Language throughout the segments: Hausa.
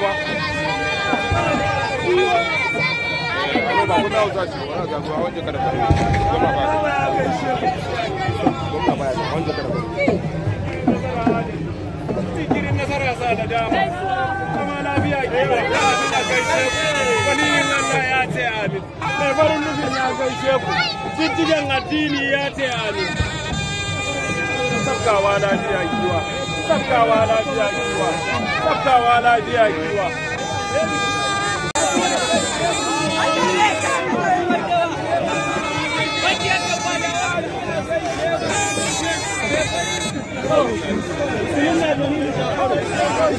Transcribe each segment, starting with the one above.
ba ba ya kada dama ta da farin nufin ya gaishe ku jijjigen addini ya ce Sakawa lafiya giwa. Sakawa lafiya giwa. Sakawa lafiya giwa.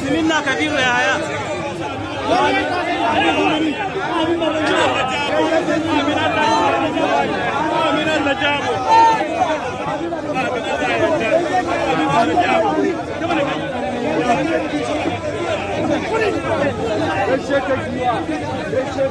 Siminna Kabiru ya haya. Amin. Amin. Amin. Amin. Amin. Amin. Eşek ekmeği. Eşek ekmeği.